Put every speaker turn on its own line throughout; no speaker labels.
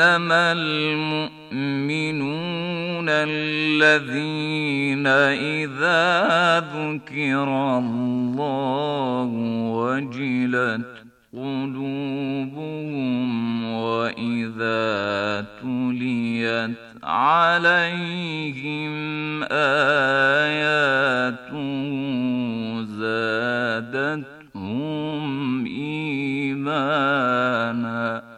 انما المؤمنون الذين اذا ذكر الله وجلت قلوبهم واذا تليت عليهم اياته زادتهم ايمانا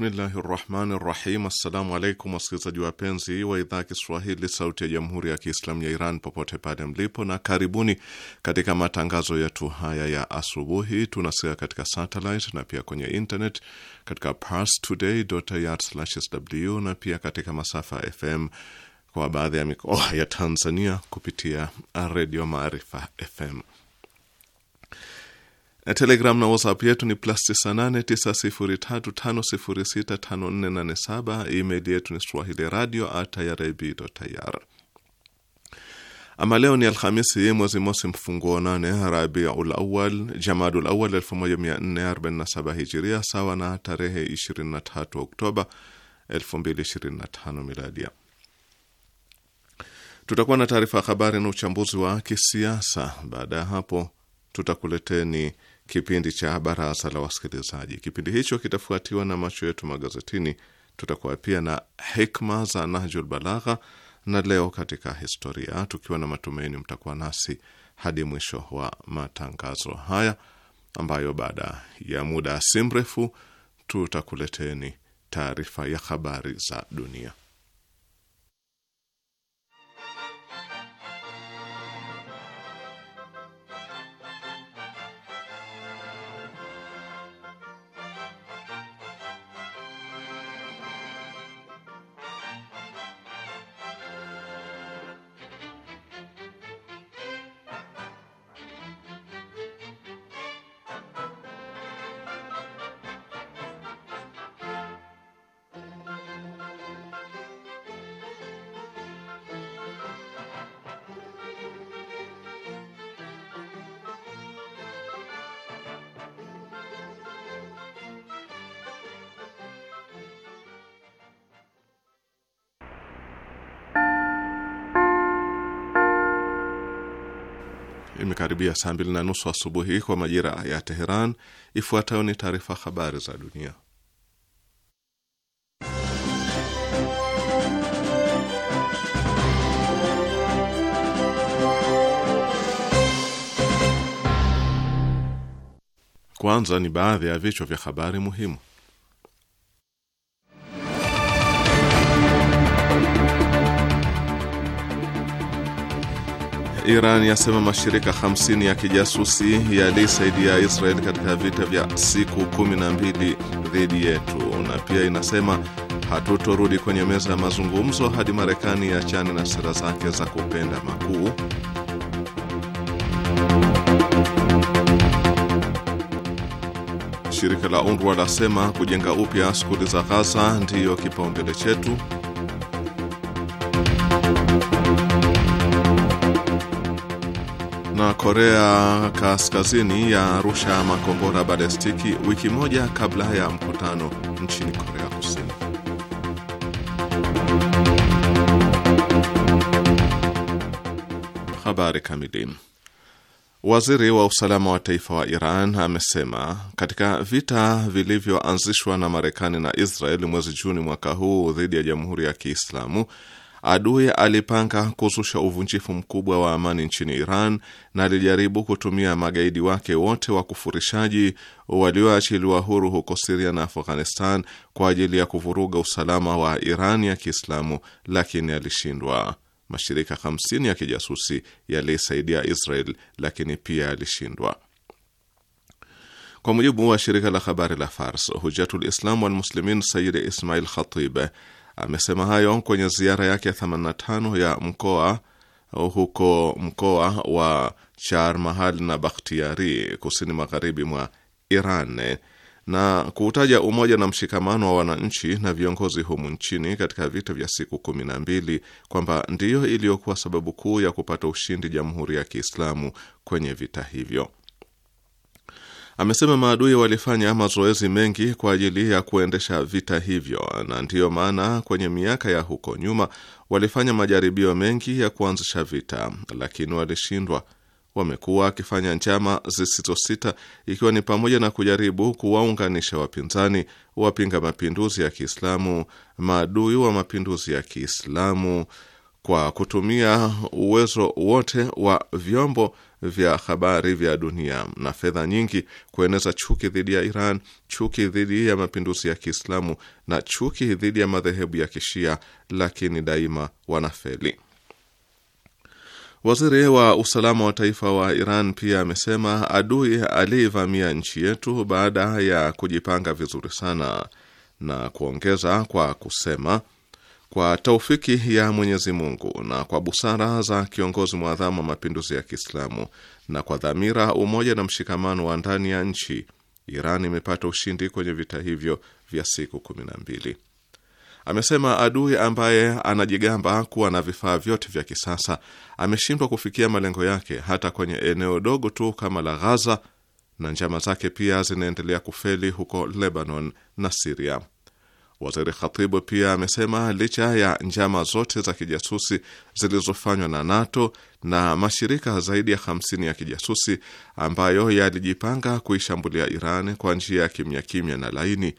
Bismillahi rahmani rahim. Assalamu alaikum wasikilizaji wapenzi wa idhaa ya Kiswahili sauti ya jamhuri ya Kiislamu ya Iran popote pale mlipo, na karibuni katika matangazo yetu haya ya asubuhi. Tunasikia katika satellite na pia kwenye internet katika parstoday.ir/sw na pia katika masafa FM kwa baadhi ya mikoa oh, ya Tanzania kupitia redio Maarifa FM na eh, Telegram na WhatsApp yetu ni plus 989035065487. Email yetu ni swahili radio at irib Ama leo ni Alhamisi, mwezi mosi mfunguo nane Rabiul Awal Jamadul Awal 1447 Hijiria, sawa na tarehe 23 Oktoba 2025 Miladia. Tutakuwa na taarifa ya habari na uchambuzi wa kisiasa. Baada ya hapo, tutakuleteni kipindi cha baraza la wasikilizaji. Kipindi hicho kitafuatiwa na macho yetu magazetini. Tutakuwa pia na hikma za Nahjul Balagha na leo katika historia, tukiwa na matumaini mtakuwa nasi hadi mwisho wa matangazo haya, ambayo baada ya muda si mrefu tutakuleteni taarifa ya habari za dunia. imekaribia saa mbili na nusu asubuhi kwa majira ya Teheran. Ifuatayo ni taarifa habari za dunia. Kwanza ni baadhi ya vichwa vya habari muhimu. Iran yasema mashirika 50 ya kijasusi yaliisaidia Israel katika vita vya siku 12 dhidi yetu, na pia inasema hatutorudi kwenye meza ya mazungumzo hadi Marekani iachane na sera zake za kupenda makuu. Shirika la UNRWA lasema kujenga upya skuli za Ghaza ndiyo kipaumbele chetu. Korea Kaskazini rusha makombora balestiki wiki moja kabla ya mkutano nchini Korea Kusini. Habari kamili. Waziri wa usalama wa taifa wa Iran amesema katika vita vilivyoanzishwa na Marekani na Israeli mwezi Juni mwaka huu dhidi ya Jamhuri ya Kiislamu Adui alipanga kuzusha uvunjifu mkubwa wa amani nchini Iran na alijaribu kutumia magaidi wake wote wakufurishaji walioachiliwa huru huko Siria na Afghanistan kwa ajili ya kuvuruga usalama wa Iran ya Kiislamu, lakini alishindwa. Mashirika 50 ya kijasusi yaliisaidia Israel, lakini pia yalishindwa. Kwa mujibu wa shirika la habari la Fars, Hujatul Islam wal Muslimin Sayyid Ismail Khatib Amesema hayo kwenye ziara yake ya 85 ya mkoa huko mkoa wa Charmahal na Bakhtiari kusini magharibi mwa Iran na kuutaja umoja na mshikamano wa wananchi na viongozi humu nchini katika vita vya siku kumi na mbili kwamba ndiyo iliyokuwa sababu kuu ya kupata ushindi Jamhuri ya Kiislamu kwenye vita hivyo. Amesema maadui walifanya mazoezi mengi kwa ajili ya kuendesha vita hivyo, na ndiyo maana kwenye miaka ya huko nyuma walifanya majaribio mengi ya kuanzisha vita, lakini walishindwa. Wamekuwa wakifanya njama zisizosita, ikiwa ni pamoja na kujaribu kuwaunganisha wapinzani, wapinga mapinduzi ya Kiislamu, maadui wa mapinduzi ya Kiislamu kwa kutumia uwezo wote wa vyombo vya habari vya dunia na fedha nyingi kueneza chuki dhidi ya Iran, chuki dhidi ya mapinduzi ya Kiislamu na chuki dhidi ya madhehebu ya Kishia, lakini daima wanafeli. Waziri wa usalama wa taifa wa Iran pia amesema adui aliyevamia nchi yetu baada ya kujipanga vizuri sana na kuongeza kwa kusema kwa taufiki ya Mwenyezi Mungu na kwa busara za kiongozi mwadhamu wa mapinduzi ya Kiislamu na kwa dhamira, umoja na mshikamano wa ndani ya nchi, Iran imepata ushindi kwenye vita hivyo vya siku kumi na mbili. Amesema adui ambaye anajigamba kuwa na vifaa vyote vya kisasa ameshindwa kufikia malengo yake hata kwenye eneo dogo tu kama la Ghaza, na njama zake pia zinaendelea kufeli huko Lebanon na Siria. Waziri Khatibu pia amesema licha ya njama zote za kijasusi zilizofanywa na NATO na mashirika zaidi ya 50 ya kijasusi ambayo yalijipanga kuishambulia Iran kwa njia ya kimya kimya na laini,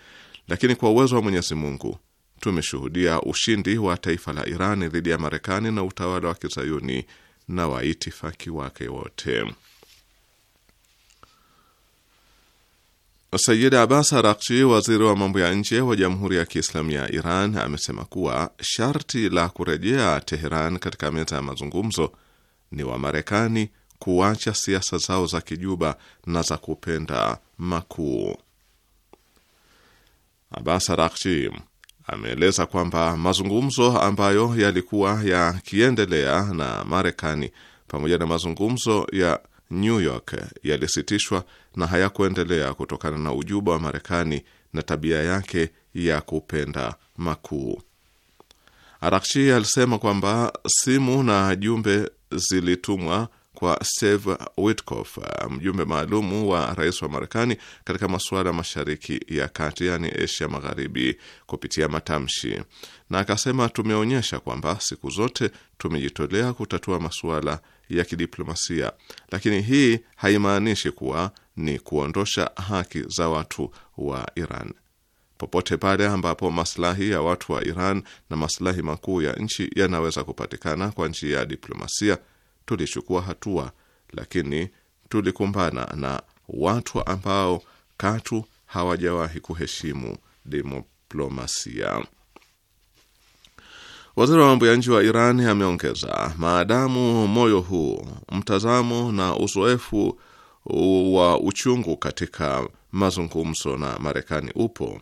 lakini kwa uwezo wa Mwenyezi Mungu tumeshuhudia ushindi wa taifa la Iran dhidi ya Marekani na utawala wa kizayuni na waitifaki wake wote. Sayyid Abbas Araghchi, waziri wa mambo ya nje wa Jamhuri ya Kiislamu ya Iran, amesema kuwa sharti la kurejea Teheran katika meza ya mazungumzo ni Wamarekani kuacha siasa zao za kijuba na za kupenda makuu. Abbas Araghchi ameeleza kwamba mazungumzo ambayo yalikuwa yakiendelea na Marekani pamoja na mazungumzo ya New York yalisitishwa na hayakuendelea kutokana na ujuba wa Marekani na tabia yake ya kupenda makuu. Arakshi alisema kwamba simu na jumbe zilitumwa kwa Steve Witkoff, mjumbe maalumu wa rais wa Marekani katika masuala mashariki ya kati, yaani Asia Magharibi, kupitia matamshi, na akasema tumeonyesha kwamba siku zote tumejitolea kutatua masuala ya kidiplomasia, lakini hii haimaanishi kuwa ni kuondosha haki za watu wa Iran. Popote pale ambapo maslahi ya watu wa Iran na maslahi makuu ya nchi yanaweza kupatikana kwa njia ya diplomasia, tulichukua hatua, lakini tulikumbana na watu ambao katu hawajawahi kuheshimu diplomasia. Waziri wa mambo ya nje wa Iran ameongeza, maadamu moyo huu, mtazamo na uzoefu wa uchungu katika mazungumzo na Marekani upo,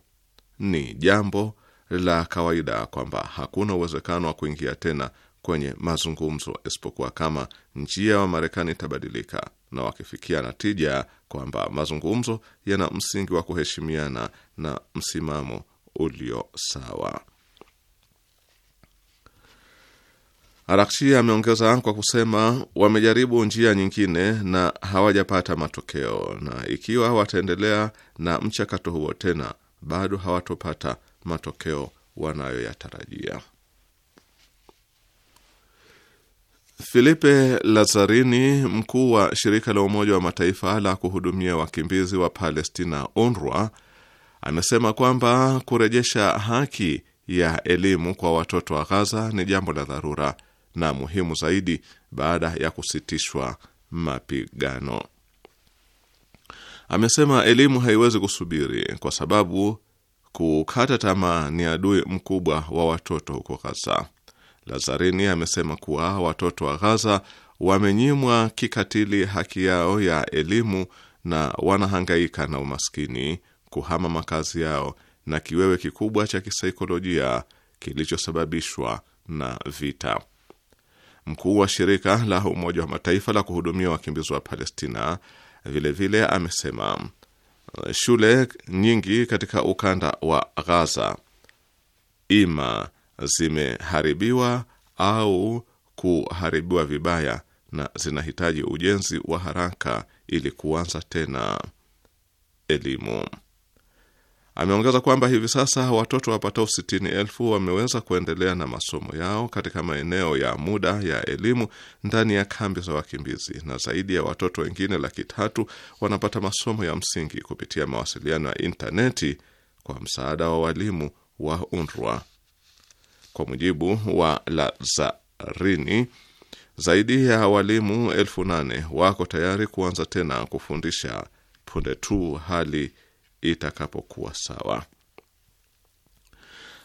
ni jambo la kawaida kwamba hakuna uwezekano wa kuingia tena kwenye mazungumzo isipokuwa kama njia wa Marekani itabadilika na wakifikia natija kwamba mazungumzo yana msingi wa kuheshimiana na msimamo ulio sawa. Arakshi ameongeza kwa kusema wamejaribu njia nyingine na hawajapata matokeo, na ikiwa wataendelea na mchakato huo tena, bado hawatopata matokeo wanayoyatarajia. Filipe Lazarini, mkuu wa shirika la Umoja wa Mataifa la kuhudumia wakimbizi wa Palestina, UNRWA, amesema kwamba kurejesha haki ya elimu kwa watoto wa Ghaza ni jambo la dharura na muhimu zaidi baada ya kusitishwa mapigano. Amesema elimu haiwezi kusubiri kwa sababu kukata tamaa ni adui mkubwa wa watoto huko Gaza. Lazarini amesema kuwa watoto wa Gaza wamenyimwa kikatili haki yao ya elimu na wanahangaika na umaskini, kuhama makazi yao na kiwewe kikubwa cha kisaikolojia kilichosababishwa na vita. Mkuu wa shirika la Umoja wa Mataifa la kuhudumia wakimbizi wa Palestina vilevile vile amesema shule nyingi katika ukanda wa Gaza ima zimeharibiwa au kuharibiwa vibaya na zinahitaji ujenzi wa haraka ili kuanza tena elimu. Ameongeza kwamba hivi sasa watoto wapatao sitini elfu wameweza kuendelea na masomo yao katika maeneo ya muda ya elimu ndani ya kambi za wakimbizi na zaidi ya watoto wengine laki tatu wanapata masomo ya msingi kupitia mawasiliano ya intaneti kwa msaada wa walimu wa UNRWA. Kwa mujibu wa Lazarini, zaidi ya walimu elfu nane wako tayari kuanza tena kufundisha punde tu hali itakapokuwa sawa.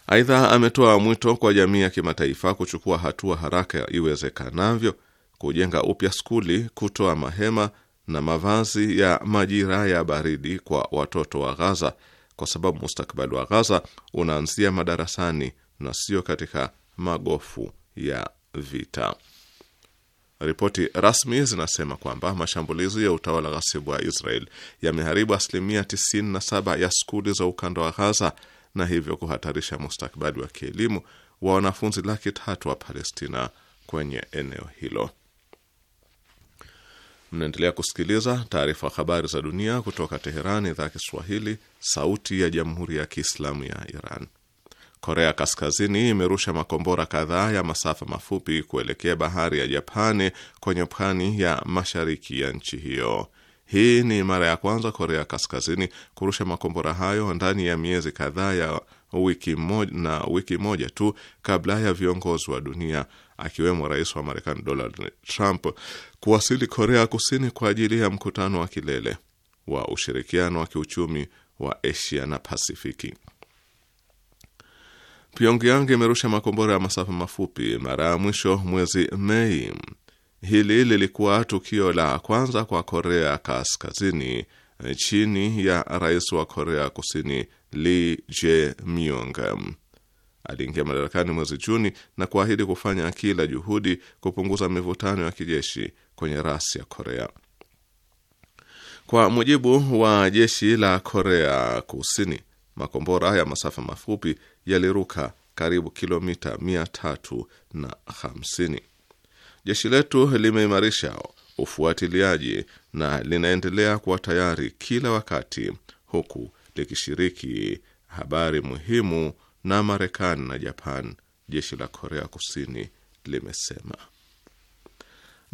Aidha, ametoa mwito kwa jamii ya kimataifa kuchukua hatua haraka iwezekanavyo kujenga upya skuli, kutoa mahema na mavazi ya majira ya baridi kwa watoto wa Ghaza, kwa sababu mustakabali wa Ghaza unaanzia madarasani na sio katika magofu ya vita. Ripoti rasmi zinasema kwamba mashambulizi ya utawala ghasibu wa Israel yameharibu asilimia 97 ya skuli za ukanda wa Ghaza na hivyo kuhatarisha mustakabali wa kielimu wa wanafunzi laki tatu wa Palestina kwenye eneo hilo. Mnaendelea kusikiliza taarifa habari za dunia kutoka Teherani, idhaa ya Kiswahili, sauti ya jamhuri ya kiislamu ya Iran. Korea Kaskazini imerusha makombora kadhaa ya masafa mafupi kuelekea bahari ya Japani kwenye pwani ya mashariki ya nchi hiyo. Hii ni mara ya kwanza Korea Kaskazini kurusha makombora hayo ndani ya miezi kadhaa ya wiki moja, na wiki moja tu kabla ya viongozi wa dunia akiwemo rais wa Marekani Donald Trump kuwasili Korea Kusini kwa ajili ya mkutano wa kilele wa ushirikiano wa kiuchumi wa Asia na Pasifiki. Pyongyang imerusha makombora ya masafa mafupi mara ya mwisho mwezi Mei. Hili lilikuwa tukio la kwanza kwa Korea Kaskazini eh, chini ya rais wa Korea Kusini Lee Jae-myung. Aliingia madarakani mwezi Juni na kuahidi kufanya kila juhudi kupunguza mivutano ya kijeshi kwenye rasi ya Korea. Kwa mujibu wa jeshi la Korea Kusini, makombora ya masafa mafupi yaliruka karibu kilomita 350. Jeshi letu limeimarisha ufuatiliaji na linaendelea kuwa tayari kila wakati, huku likishiriki habari muhimu na Marekani na Japan, jeshi la Korea Kusini limesema.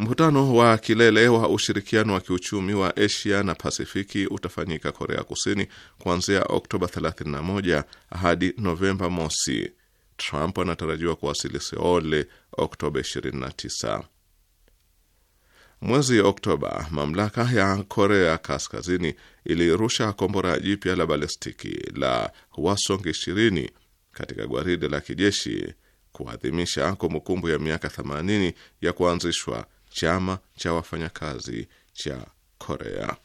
Mkutano wa kilele wa ushirikiano wa kiuchumi wa Asia na Pasifiki utafanyika Korea Kusini kuanzia Oktoba 31 hadi Novemba mosi. Trump anatarajiwa kuwasili Seoul Oktoba 29. Mwezi Oktoba, mamlaka ya Korea Kaskazini ilirusha kombora jipya la balestiki la Hwasong 20 katika gwaride la kijeshi kuadhimisha kumbukumbu ya miaka 80 ya kuanzishwa chama cha wafanyakazi cha Korea.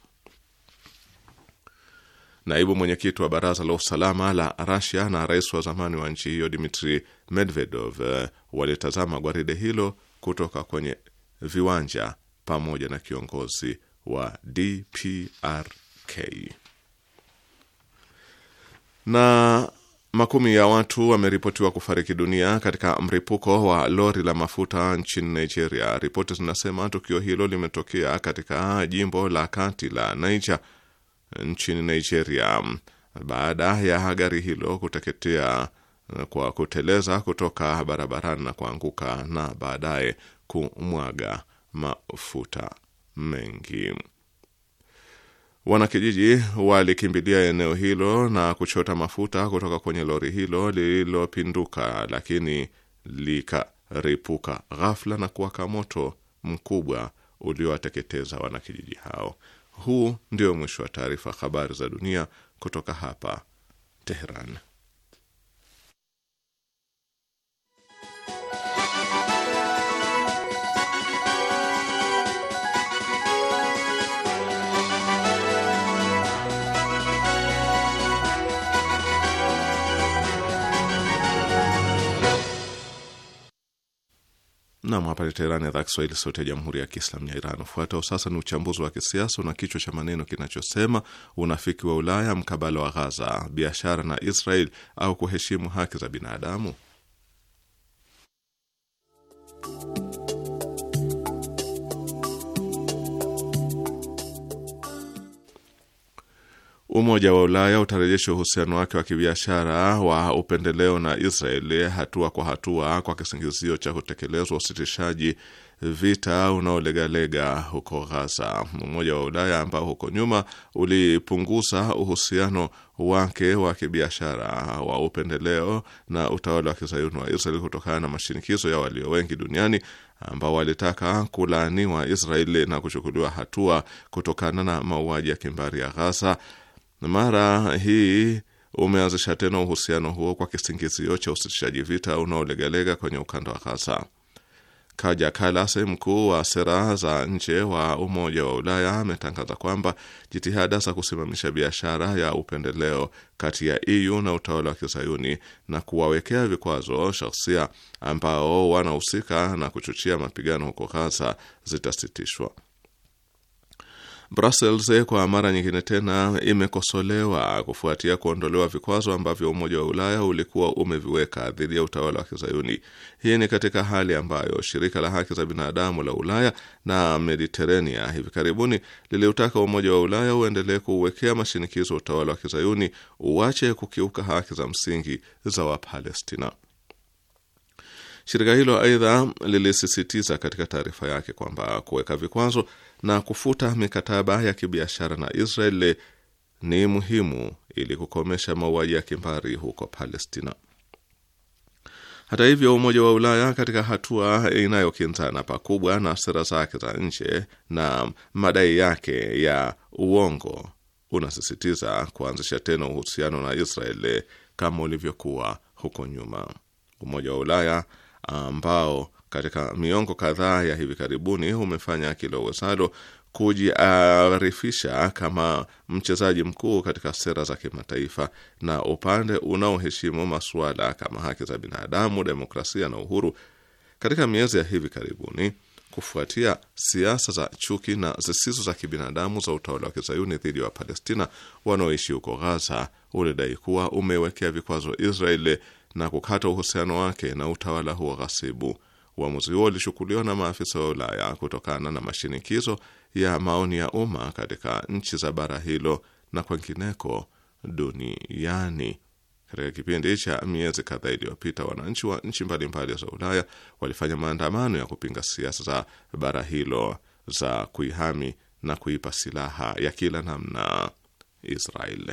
Naibu mwenyekiti wa baraza la usalama la Rasia na rais wa zamani wa nchi hiyo Dmitri Medvedev eh, walitazama gwaride hilo kutoka kwenye viwanja pamoja na kiongozi wa DPRK na Makumi ya watu wameripotiwa kufariki dunia katika mripuko wa lori la mafuta nchini Nigeria. Ripoti zinasema tukio hilo limetokea katika jimbo la kati la Niger nchini Nigeria baada ya gari hilo kuteketea eh, kwa kuteleza kutoka barabarani na kuanguka na baadaye kumwaga mafuta mengi. Wanakijiji walikimbilia eneo hilo na kuchota mafuta kutoka kwenye lori hilo lililopinduka, lakini likaripuka ghafla na kuwaka moto mkubwa uliowateketeza wanakijiji hao. Huu ndio mwisho wa taarifa habari za dunia kutoka hapa Teheran. Nam, hapa ni Teherani, idhaa Kiswahili, sauti ya jamhuri ya kiislamu ya Iran. Ufuatao sasa ni uchambuzi wa kisiasa una kichwa cha maneno kinachosema unafiki wa Ulaya mkabala wa Ghaza, biashara na Israel au kuheshimu haki za binadamu. Umoja wa Ulaya utarejesha uhusiano wake wa kibiashara wa upendeleo na Israeli hatua kwa hatua kwa kisingizio cha kutekelezwa usitishaji vita unaolegalega huko ghaza Umoja wa Ulaya ambao huko nyuma ulipunguza uhusiano wake wa kibiashara wa upendeleo na utawala wa kizayuni wa Israeli kutokana na mashinikizo ya walio wengi duniani ambao walitaka kulaaniwa Israeli na kuchukuliwa hatua kutokana na mauaji ya kimbari ya ghaza mara hii umeanzisha tena uhusiano huo kwa kisingizio cha usitishaji vita unaolegalega kwenye ukanda wa Ghaza. Kaja Kallas, mkuu wa sera za nje wa Umoja wa Ulaya, ametangaza kwamba jitihada za kusimamisha biashara ya upendeleo kati ya EU na utawala wa kizayuni na kuwawekea vikwazo shahsia ambao wanahusika na kuchochea mapigano huko Ghaza zitasitishwa. Brussels kwa mara nyingine tena imekosolewa kufuatia kuondolewa vikwazo ambavyo Umoja wa Ulaya ulikuwa umeviweka dhidi ya utawala wa Kizayuni. Hii ni katika hali ambayo shirika la haki za binadamu la Ulaya na Mediterania hivi karibuni liliutaka Umoja wa Ulaya uendelee kuuwekea mashinikizo utawala wa Kizayuni uache kukiuka haki za msingi za Wapalestina. Shirika hilo aidha lilisisitiza katika taarifa yake kwamba kuweka vikwazo na kufuta mikataba ya kibiashara na Israeli ni muhimu ili kukomesha mauaji ya kimbari huko Palestina. Hata hivyo, Umoja wa Ulaya katika hatua inayokinzana pakubwa na sera zake za nje na madai yake ya uongo unasisitiza kuanzisha tena uhusiano na Israeli kama ulivyokuwa huko nyuma. Umoja wa Ulaya ambao katika miongo kadhaa ya hivi karibuni umefanya kila uwezalo kujiarifisha kama mchezaji mkuu katika sera za kimataifa na upande unaoheshimu masuala kama haki za binadamu, demokrasia na uhuru. Katika miezi ya hivi karibuni, kufuatia siasa za chuki na zisizo za kibinadamu za utawala wa kizayuni dhidi ya Wapalestina wanaoishi huko Ghaza, ulidai kuwa umewekea vikwazo Israeli na kukata uhusiano wake na utawala huo ghasibu. Uamuzi huo ulichukuliwa na maafisa wa Ulaya kutokana na mashinikizo ya maoni ya umma katika nchi za bara hilo na kwengineko duniani. Katika kipindi cha miezi kadhaa iliyopita, wananchi wa nchi mbalimbali za Ulaya walifanya maandamano ya kupinga siasa za bara hilo za kuihami na kuipa silaha ya kila namna Israeli.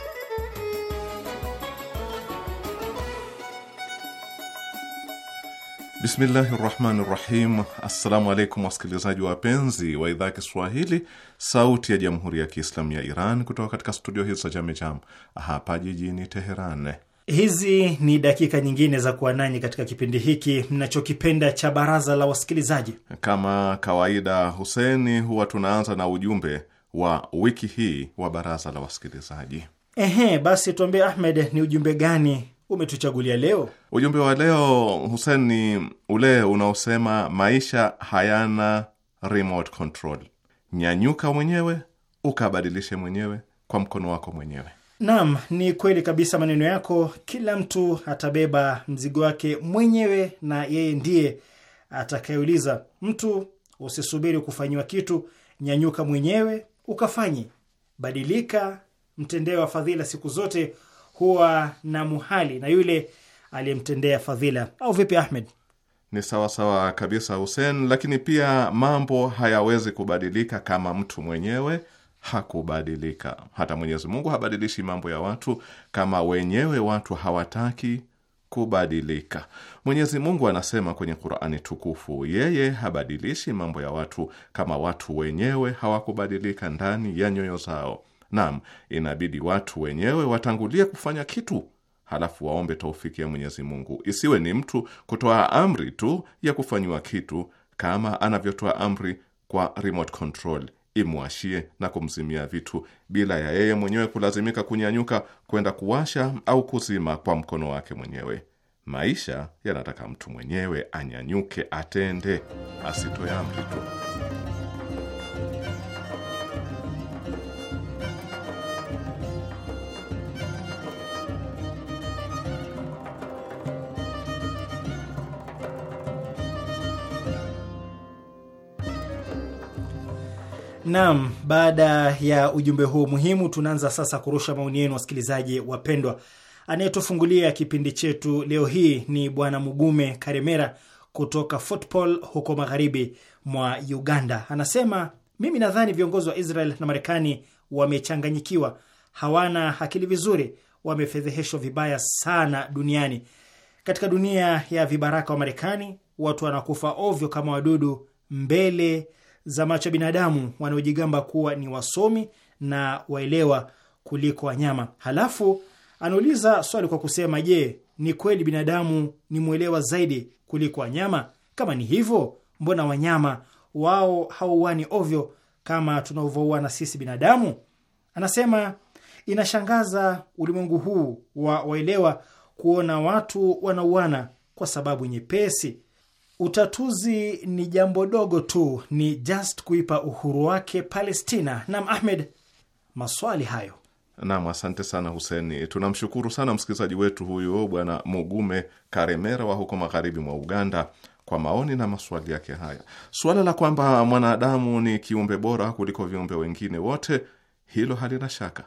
Bismillahi rahmani rahim. Assalamu alaikum wasikilizaji wapenzi wa idhaa ya Kiswahili sauti ya jamhuri ya Kiislamu ya Iran kutoka katika studio hizi za Jamejam hapa jijini Teheran. Hizi
ni dakika nyingine za kuwa nanyi katika kipindi hiki mnachokipenda cha baraza la wasikilizaji.
Kama kawaida, Huseni, huwa tunaanza na ujumbe wa wiki hii wa baraza la wasikilizaji.
Ehe, basi tuambie Ahmed, ni ujumbe gani umetuchagulia leo.
Ujumbe wa leo Hussein, ni ule unaosema maisha hayana remote control. Nyanyuka mwenyewe ukabadilishe mwenyewe kwa mkono wako mwenyewe.
Naam, ni kweli kabisa maneno yako. Kila mtu atabeba mzigo wake mwenyewe na yeye ndiye atakayeuliza. Mtu usisubiri kufanyiwa kitu, nyanyuka mwenyewe ukafanye. Badilika, mtendee wa fadhila siku zote kuwa na muhali na yule aliyemtendea fadhila, au vipi Ahmed?
Ni sawa kabisa Hussein, lakini pia mambo hayawezi kubadilika kama mtu mwenyewe hakubadilika. Hata Mwenyezi Mungu habadilishi mambo ya watu kama wenyewe watu hawataki kubadilika. Mwenyezi Mungu anasema kwenye Qur'ani tukufu, yeye habadilishi mambo ya watu kama watu wenyewe hawakubadilika ndani ya nyoyo zao. Naam, inabidi watu wenyewe watangulie kufanya kitu, halafu waombe taufiki ya Mwenyezi Mungu. Isiwe ni mtu kutoa amri tu ya kufanyiwa kitu, kama anavyotoa amri kwa remote control imwashie na kumzimia vitu bila ya yeye mwenyewe kulazimika kunyanyuka kwenda kuwasha au kuzima kwa mkono wake mwenyewe. Maisha yanataka mtu mwenyewe anyanyuke, atende, asitoe amri tu.
Naam, baada ya ujumbe huo muhimu, tunaanza sasa kurusha maoni yenu, wasikilizaji wapendwa. Anayetufungulia kipindi chetu leo hii ni Bwana Mugume Karemera kutoka Football huko magharibi mwa Uganda. Anasema, mimi nadhani viongozi wa Israel na Marekani wamechanganyikiwa, hawana akili vizuri, wamefedheheshwa vibaya sana duniani. Katika dunia ya vibaraka wa Marekani watu wanakufa ovyo kama wadudu mbele za macho ya binadamu wanaojigamba kuwa ni wasomi na waelewa kuliko wanyama. Halafu anauliza swali kwa kusema, je, ni kweli binadamu ni mwelewa zaidi kuliko wanyama? Kama ni hivyo, mbona wanyama wao hauani ovyo kama tunavyouana sisi binadamu? Anasema inashangaza ulimwengu huu wa waelewa kuona watu wanauana kwa sababu nyepesi Utatuzi ni jambo dogo tu, ni just kuipa uhuru wake Palestina. Nam Ahmed, maswali hayo.
Nam, asante sana Huseni. E, tunamshukuru sana msikilizaji wetu huyu Bwana Mugume Karemera wa huko magharibi mwa Uganda kwa maoni na maswali yake haya. Suala la kwamba mwanadamu ni kiumbe bora kuliko viumbe wengine wote, hilo halina shaka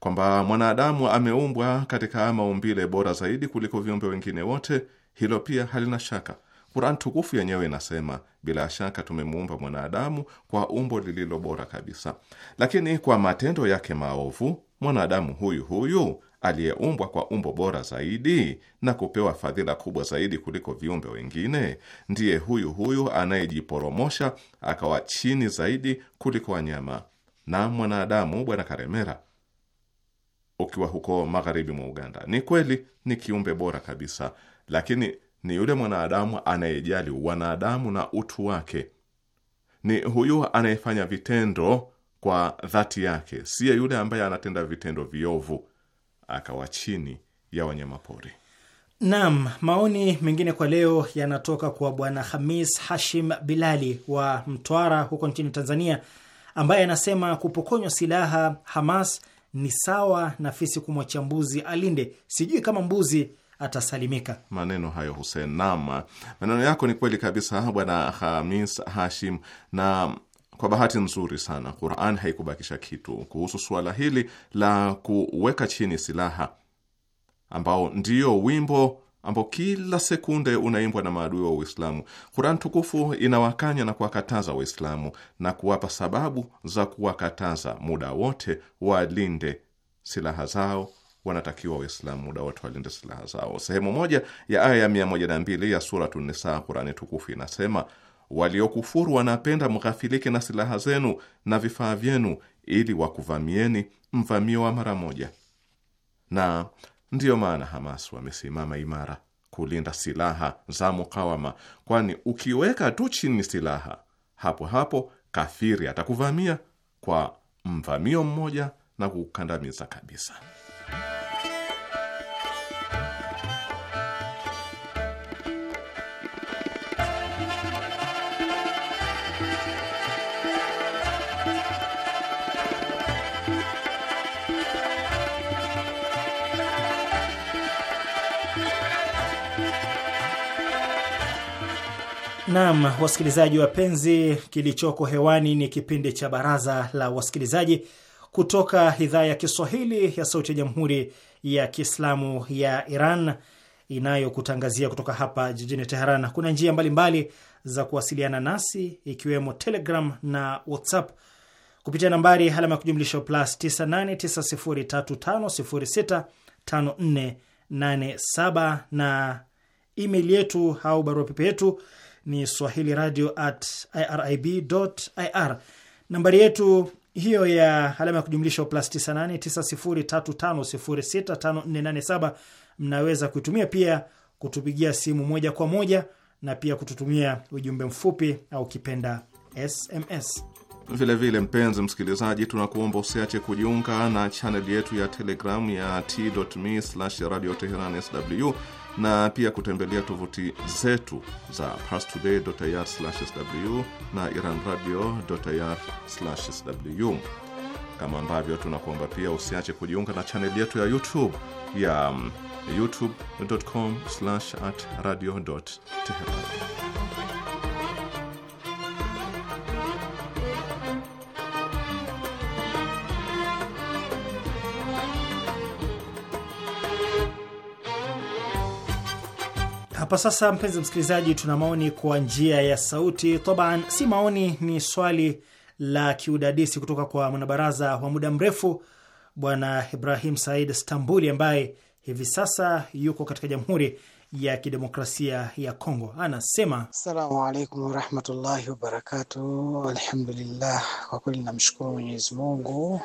kwamba mwanadamu ameumbwa katika maumbile bora zaidi kuliko viumbe wengine wote, hilo pia halina shaka. Quran tukufu yenyewe inasema, bila shaka tumemuumba mwanadamu kwa umbo lililo bora kabisa, lakini kwa matendo yake maovu mwanadamu huyu huyu aliyeumbwa kwa umbo bora zaidi na kupewa fadhila kubwa zaidi kuliko viumbe wengine, ndiye huyu huyu anayejiporomosha akawa chini zaidi kuliko wanyama na mwanadamu. Bwana Karemera, ukiwa huko magharibi mwa Uganda, ni kweli ni kiumbe bora kabisa, lakini ni yule mwanadamu anayejali wanadamu na utu wake. Ni huyu anayefanya vitendo kwa dhati yake, siye yule ambaye anatenda vitendo viovu akawa chini ya wanyamapori.
Naam, maoni mengine kwa leo yanatoka kwa Bwana Hamis Hashim Bilali wa Mtwara huko nchini Tanzania, ambaye anasema kupokonywa silaha Hamas ni sawa na fisi kumwacha mbuzi alinde. Sijui kama mbuzi atasalimika.
Maneno hayo Hussein Nama, maneno yako ni kweli kabisa Bwana Hamis Hashim, na kwa bahati nzuri sana Quran haikubakisha kitu kuhusu suala hili la kuweka chini silaha, ambao ndio wimbo ambao kila sekunde unaimbwa na maadui wa Uislamu. Quran tukufu inawakanya na kuwakataza Waislamu na kuwapa sababu za kuwakataza muda wote walinde silaha zao wanatakiwa Waislamu muda wote walinde silaha zao. Sehemu moja ya aya ya mbili ya Suratu Nisa, Kurani tukufu inasema, waliokufuru wanapenda mghafilike na silaha zenu na vifaa vyenu, ili wakuvamieni mvamio wa mara moja. Na ndiyo maana Hamas wamesimama imara kulinda silaha za mukawama, kwani ukiweka tu chini silaha, hapo hapo kafiri atakuvamia kwa mvamio mmoja na kukandamiza kabisa.
Nam, wasikilizaji wapenzi, kilichoko hewani ni kipindi cha Baraza la Wasikilizaji kutoka idhaa ya Kiswahili ya Sauti ya Jamhuri ya Kiislamu ya Iran inayokutangazia kutoka hapa jijini Teheran. Kuna njia mbalimbali mbali za kuwasiliana nasi ikiwemo Telegram na WhatsApp kupitia nambari alama ya kujumlisha plus 989035065487 na email yetu au barua pepe yetu ni swahili radio at ir. Nambari yetu hiyo ya alama ya kujumlisha plus 989035065487 mnaweza kuitumia pia kutupigia simu moja kwa moja na pia kututumia ujumbe mfupi au kipenda SMS.
Vilevile vile, mpenzi msikilizaji, tunakuomba usiache kujiunga na chaneli yetu ya Telegram ya t.me/radio teheran sw na pia kutembelea tovuti zetu za parstoday.ir/sw na iranradio.ir/sw, kama ambavyo tunakuomba pia usiache kujiunga na chaneli yetu ya YouTube ya um, youtubecom radiotehran
Hapa sasa, mpenzi msikilizaji, tuna maoni kwa njia ya sauti taban, si maoni, ni swali la kiudadisi kutoka kwa mwanabaraza wa muda mrefu Bwana Ibrahim Said Stambuli ambaye hivi sasa yuko katika Jamhuri ya Kidemokrasia ya Kongo. Anasema assalamu alaikum warahmatullahi
wabarakatu Alhamdulillah, kwa kweli namshukuru Mwenyezi Mungu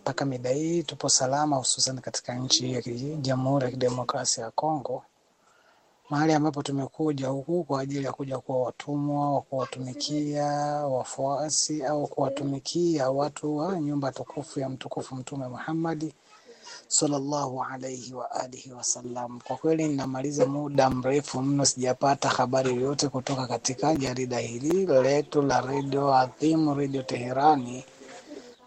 mpaka mida hii tupo salama, hususan katika nchi ya Jamhuri ya Kidemokrasia ya Kongo mahali ambapo tumekuja huku kwa ajili ya kuja kuwa watumwa wa kuwatumikia wafuasi au kuwatumikia watu wa nyumba tukufu ya mtukufu Mtume Muhammad sallallahu alaihi wa alihi wasallam. Kwa kweli ninamaliza muda mrefu mno, sijapata habari yoyote kutoka katika jarida hili letu la redio adhimu, Redio Teherani,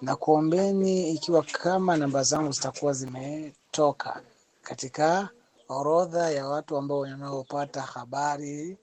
na kuombeni ikiwa kama namba zangu zitakuwa zimetoka katika orodha ya watu ambao wanaopata habari.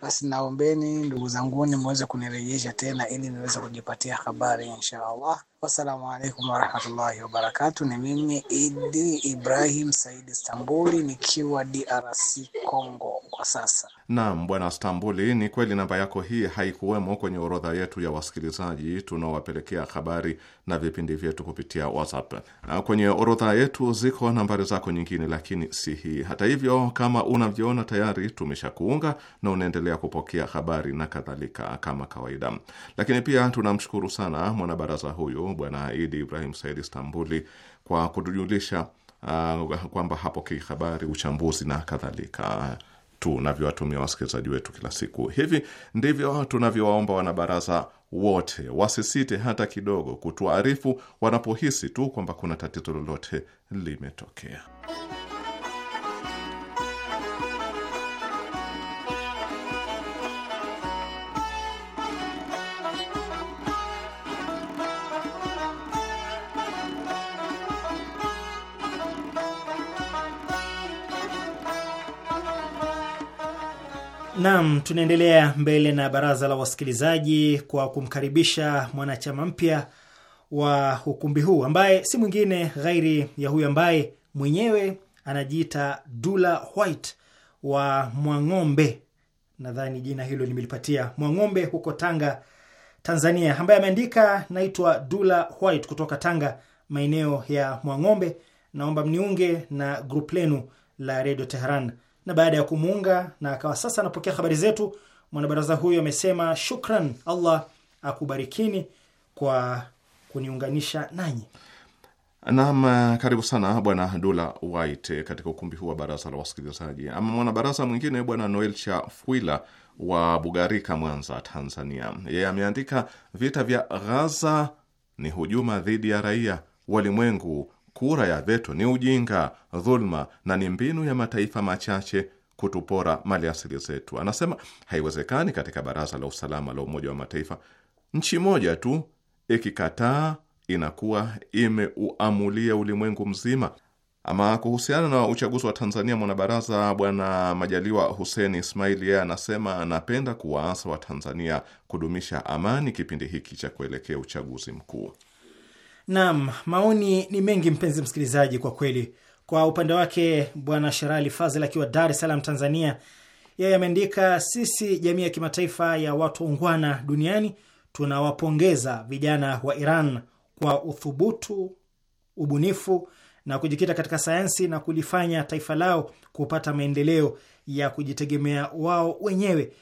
Basi naombeni ndugu zanguni muweze kunirejesha tena ili niweze kujipatia habari insha Allah. Wassalamu alaikum warahmatullahi wabarakatu. Ni mimi Idi Ibrahim Said Istanbuli nikiwa DRC Congo kwa sasa.
Naam, Bwana Stambuli, ni kweli namba yako hii haikuwemo kwenye orodha yetu ya wasikilizaji tunaowapelekea habari na vipindi vyetu kupitia WhatsApp. Ah, kwenye orodha yetu ziko nambari zako nyingine, lakini si hii. Hata hivyo, kama unavyoona, tayari tumeshakuunga na unaendelea kupokea habari na kadhalika kama kawaida. Lakini pia tunamshukuru sana mwanabaraza huyu Bwana Idi Ibrahim Said Stambuli kwa kutujulisha uh, kwamba hapokei habari, uchambuzi na kadhalika tunavyowatumia wasikilizaji wetu kila siku. Hivi ndivyo tunavyowaomba wanabaraza wote wasisite hata kidogo kutuarifu wanapohisi tu kwamba kuna tatizo lolote limetokea.
Naam, tunaendelea mbele na baraza la wasikilizaji kwa kumkaribisha mwanachama mpya wa ukumbi huu ambaye si mwingine ghairi ya huyu ambaye mwenyewe anajiita Dula White wa Mwang'ombe. Nadhani jina hilo nimelipatia, Mwang'ombe huko Tanga, Tanzania, ambaye ameandika naitwa Dula White kutoka Tanga, maeneo ya Mwang'ombe. Naomba mniunge na grup lenu la Redio Teheran na baada ya kumuunga na akawa sasa anapokea habari zetu, mwanabaraza huyo amesema shukran, Allah akubarikini kwa kuniunganisha nanyi.
Naam, karibu sana bwana Dula White katika ukumbi huu wa baraza la wasikilizaji. Ama mwanabaraza mwingine bwana Noel Fuila wa Bugarika, Mwanza, Tanzania, yeye ameandika vita vya Ghaza ni hujuma dhidi ya raia walimwengu kura ya veto ni ujinga, dhuluma na ni mbinu ya mataifa machache kutupora mali asili zetu. Anasema haiwezekani katika Baraza la Usalama la Umoja wa Mataifa nchi moja tu ikikataa inakuwa imeuamulia ulimwengu mzima. Ama kuhusiana na uchaguzi wa Tanzania, mwanabaraza Bwana Majaliwa husen Ismail yeye anasema anapenda kuwaasa Watanzania kudumisha amani kipindi hiki cha kuelekea uchaguzi mkuu.
Naam, maoni ni mengi mpenzi msikilizaji, kwa kweli. Kwa upande wake bwana Sherali Fazel akiwa Dar es Salaam, Tanzania, yeye ameandika, sisi jamii ya kimataifa ya watu ungwana duniani tunawapongeza vijana wa Iran kwa uthubutu, ubunifu na kujikita katika sayansi na kulifanya taifa lao kupata maendeleo ya kujitegemea wao wenyewe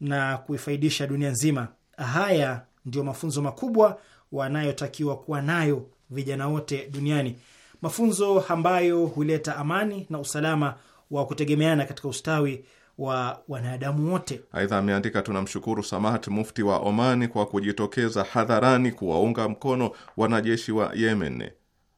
na kuifaidisha dunia nzima. Haya ndio mafunzo makubwa wanayotakiwa kuwa nayo vijana wote duniani, mafunzo ambayo huleta amani na usalama wa kutegemeana katika ustawi wa wanadamu wote.
Aidha ameandika tunamshukuru Samahat Mufti wa Omani kwa kujitokeza hadharani kuwaunga mkono wanajeshi wa Yemen.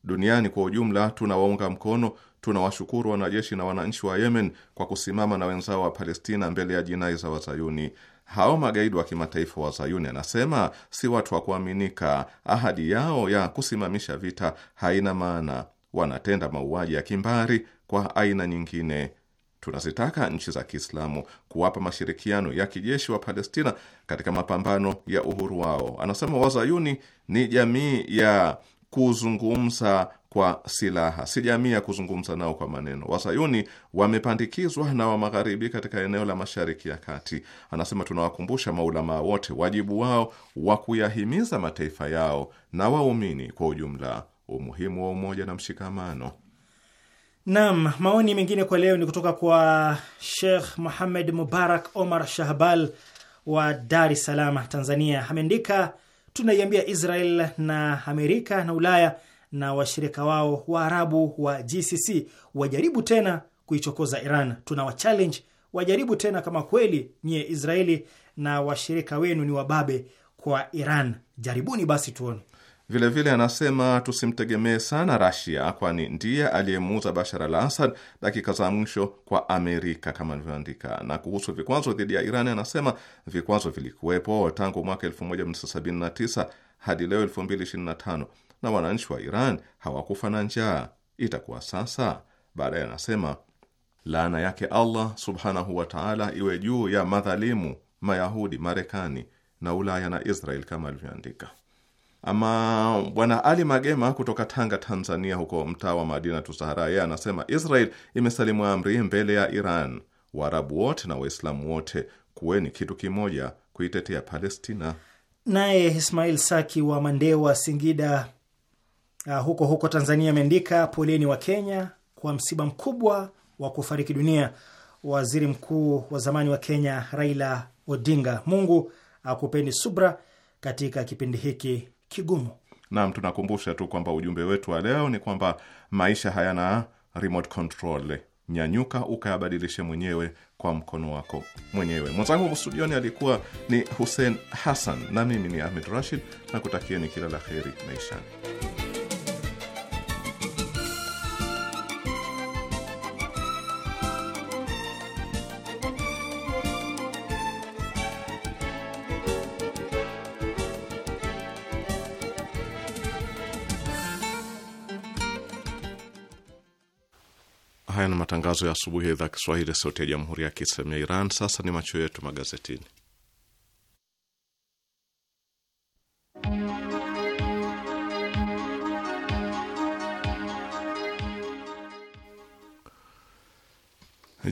Duniani kwa ujumla tunawaunga mkono, tunawashukuru wanajeshi na wananchi wa Yemen kwa kusimama na wenzao wa Palestina mbele ya jinai za Wazayuni hao magaidi wa kimataifa wa Zayuni, anasema si watu wa kuaminika. Ahadi yao ya kusimamisha vita haina maana, wanatenda mauaji ya kimbari kwa aina nyingine. Tunazitaka nchi za Kiislamu kuwapa mashirikiano ya kijeshi wa Palestina katika mapambano ya uhuru wao. Anasema Wazayuni ni jamii ya kuzungumza kwa silaha, si jamii ya kuzungumza nao kwa maneno. Wasayuni wamepandikizwa na wa magharibi katika eneo la mashariki ya kati. Anasema, tunawakumbusha maulamaa wote wajibu wao wa kuyahimiza mataifa yao na waumini kwa ujumla umuhimu wa umoja na mshikamano.
Naam, maoni mengine kwa leo ni kutoka kwa Sheikh Muhamed Mubarak Omar Shahbal wa Dar es Salaam, Tanzania. Ameandika tunaiambia Israel na Amerika na Ulaya na washirika wao wa arabu wa GCC wajaribu tena kuichokoza Iran. tuna wa challenge wajaribu tena, kama kweli nyie Israeli na washirika wenu ni wababe kwa Iran, jaribuni basi tuone.
Vilevile vile anasema tusimtegemee sana Rasia, kwani ndiye aliyemuuza Bashar al Assad dakika za mwisho kwa Amerika kama alivyoandika. Na kuhusu vikwazo dhidi ya Iran anasema vikwazo vilikuwepo tangu mwaka 1979 hadi leo 2025 na wananchi wa Iran hawakufa na njaa, itakuwa sasa baadaye. Anasema laana yake Allah subhanahu wa taala iwe juu ya madhalimu Mayahudi, Marekani na Ulaya na Israel kama alivyoandika. Ama bwana Ali Magema kutoka Tanga, Tanzania, huko mtaa wa Madina Tusahara, yeye anasema Israel imesalimu amri mbele ya Iran. Waarabu wote na Waislamu wote kuweni kitu kimoja kuitetea Palestina.
Naye Ismail Saki wa Mandewa, Singida, uh, huko huko Tanzania ameandika poleni wa Kenya kwa msiba mkubwa wa kufariki dunia waziri mkuu wa zamani wa Kenya Raila Odinga. Mungu akupeni subra katika kipindi hiki kigumu.
Naam, tunakumbusha tu kwamba ujumbe wetu wa leo ni kwamba maisha hayana remote control. Nyanyuka ukayabadilishe mwenyewe kwa mkono wako mwenyewe. Mwenzangu studioni alikuwa ni Hussein Hassan na mimi ni Ahmed Rashid, na kutakieni kila la heri maishani. matangazo ya asubuhi ya idhaa Kiswahili sauti ya jamhuri ya kiislamu ya Iran. Sasa ni macho yetu magazetini.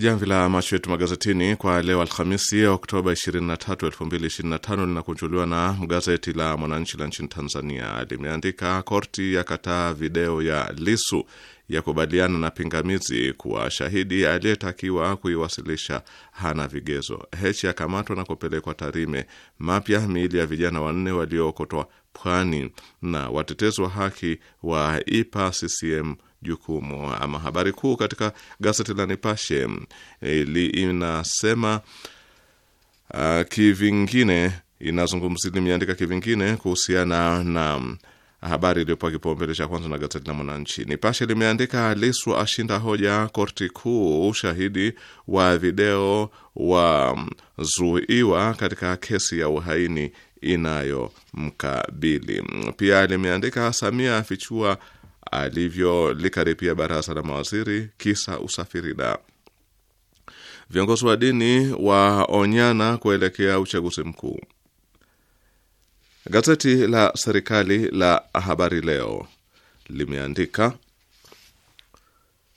jamvi la macho yetu magazetini kwa leo Alhamisi, Oktoba 23, 2025 linakunjuliwa na gazeti la Mwananchi la nchini Tanzania. Limeandika korti ya kataa video ya Lisu ya kubaliana na pingamizi kuwa shahidi aliyetakiwa kuiwasilisha hana vigezo. Hechi yakamatwa na kupelekwa Tarime. Mapya miili ya vijana wanne waliookotwa Pwani. Na watetezi wa haki wa ipa CCM jukumu. Ama habari kuu katika gazeti la Nipashe e, inasema uh, kivingine inazungumzia limeandika kivingine kuhusiana na habari iliyopewa kipaumbele cha kwanza na gazeti la Mwananchi. Nipashe limeandika Lissu ashinda hoja korti kuu, ushahidi wa video wazuiwa katika kesi ya uhaini inayomkabili. Pia limeandika Samia afichua alivyolikaripia baraza la mawaziri kisa usafiri da Viongozi wa dini waonyana kuelekea uchaguzi mkuu. Gazeti la serikali la Habari Leo limeandika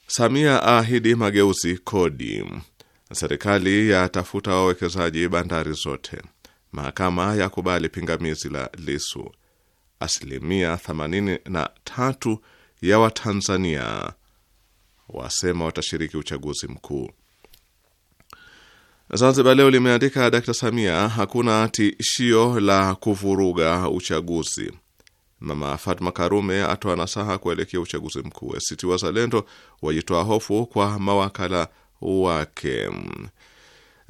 Samia aahidi mageuzi kodi, serikali yatafuta wawekezaji bandari zote, mahakama ya kubali pingamizi la Lisu, asilimia 83 ya Watanzania wasema watashiriki uchaguzi mkuu. Zanzibar Leo limeandika Dkt Samia, hakuna tishio la kuvuruga uchaguzi. Mama Fatma Karume atoa nasaha kuelekea uchaguzi mkuu. ACT Wazalendo wajitoa hofu kwa mawakala wake.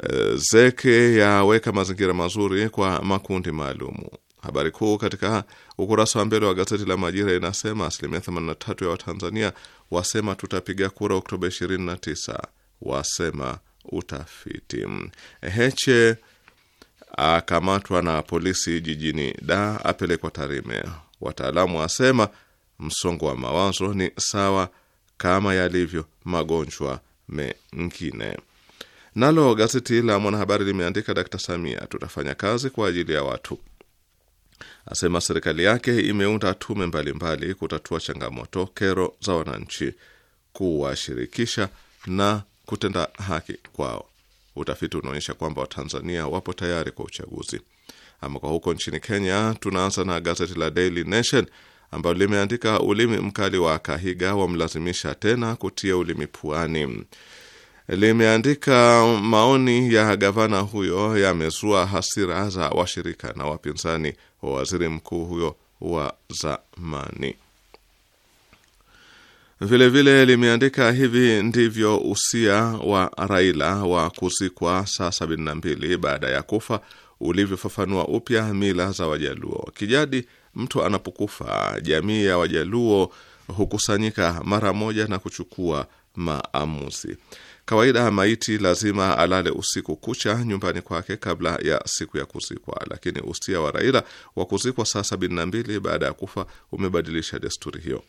Eh, Zeke yaweka mazingira mazuri kwa makundi maalumu. Habari kuu katika ukurasa wa mbele wa gazeti la Majira inasema asilimia 83 ya Watanzania wasema tutapiga kura Oktoba 29, wasema utafiti. Heche akamatwa na polisi jijini Da apelekwa Tarime. Wataalamu wasema msongo wa mawazo ni sawa kama yalivyo magonjwa mengine. Nalo gazeti la Mwanahabari limeandika Dkt Samia, tutafanya kazi kwa ajili ya watu asema serikali yake imeunda tume mbalimbali mbali kutatua changamoto kero za wananchi, kuwashirikisha na kutenda haki kwao. Utafiti unaonyesha kwamba Watanzania wapo tayari kwa uchaguzi. Ama kwa huko nchini Kenya, tunaanza na gazeti la Daily Nation ambalo limeandika ulimi mkali wa Kahiga wamlazimisha tena kutia ulimi puani. Limeandika maoni ya gavana huyo yamezua hasira za washirika na wapinzani wa waziri mkuu huyo wa zamani. Vilevile vile limeandika hivi ndivyo usia wa Raila wa kuzikwa saa sabini na mbili baada ya kufa ulivyofafanua upya mila za Wajaluo. Kijadi, mtu anapokufa, jamii ya Wajaluo hukusanyika mara moja na kuchukua maamuzi. Kawaida maiti lazima alale usiku kucha nyumbani kwake kabla ya siku ya kuzikwa, lakini ustia wa Raila wa kuzikwa saa sabini na mbili baada ya kufa umebadilisha desturi hiyo.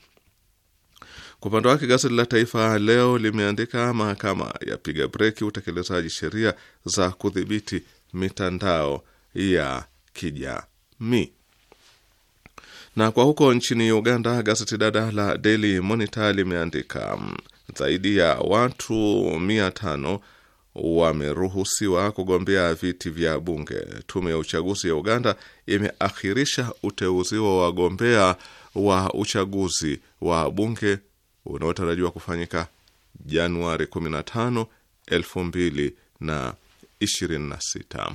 Kwa upande wake gazeti la Taifa Leo limeandika mahakama yapiga breki utekelezaji sheria za kudhibiti mitandao ya kijamii. Na kwa huko nchini Uganda, gazeti dada la Daily Monitor limeandika zaidi ya watu mia tano wameruhusiwa kugombea viti vya bunge. Tume ya uchaguzi ya Uganda imeakhirisha uteuzi wa wagombea wa uchaguzi wa bunge unaotarajiwa kufanyika Januari 15, 2026.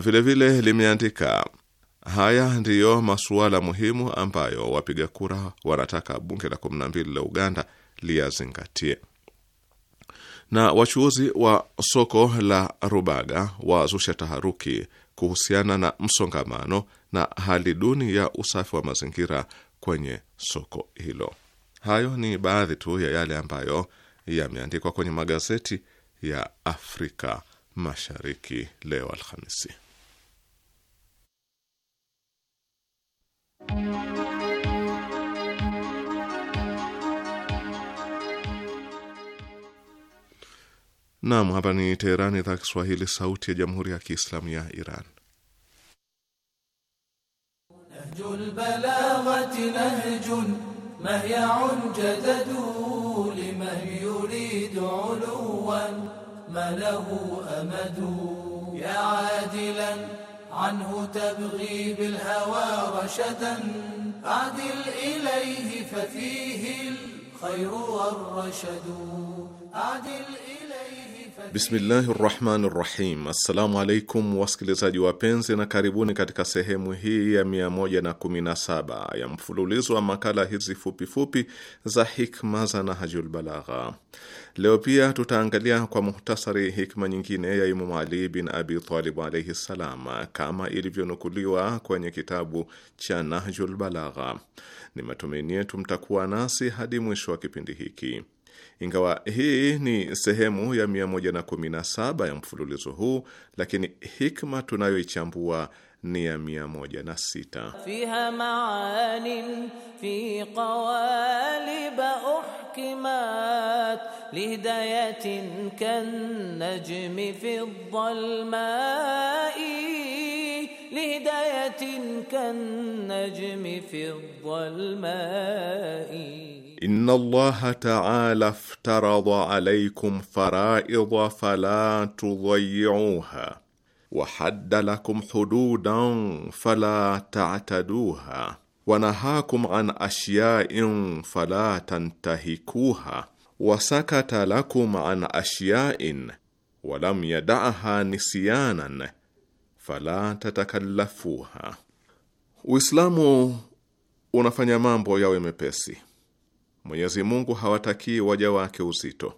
Vilevile limeandika haya ndiyo masuala muhimu ambayo wapiga kura wanataka bunge la 12 la Uganda liyazingatie. Na wachuuzi wa soko la Rubaga wazusha taharuki kuhusiana na msongamano na hali duni ya usafi wa mazingira kwenye soko hilo. Hayo ni baadhi tu ya yale ambayo yameandikwa kwenye magazeti ya Afrika Mashariki leo Alhamisi. Naam, hapa ni Teheran, idhaa Kiswahili, sauti ya jamhuri ya kiislamu ya Iran. Bismillahi rahmani rahim. Assalamu alaikum wasikilizaji wapenzi, na karibuni katika sehemu hii ya 117 ya mfululizo wa makala hizi fupifupi za hikma za Nahjul Balagha. Leo pia tutaangalia kwa muhtasari hikma nyingine ya Imamu Ali bin Abi Talib alaihi ssalam, kama ilivyonukuliwa kwenye kitabu cha Nahjul Balagha. Ni matumaini yetu mtakuwa nasi hadi mwisho wa kipindi hiki. Ingawa hii ni sehemu ya 117 ya mfululizo huu, lakini hikma tunayoichambua ni ya 106
fiha maanin fi qawalib uhkimat lihidayatin kan najmi fi dhalmai lihidayatin kan najmi fi dhalmai
inna allaha ta'ala ftaradha alaykum faraidha fala tudhayyuha wa hadda lakum hududan fala ta'taduha wa nahakum an ashya'in fala tantahikuha wa sakata lakum an ashya'in wa lam yada'aha nisyanan fala tatakallafuha Uislamu unafanya mambo yawe mepesi Mwenyezi Mungu hawatakii waja wake uzito.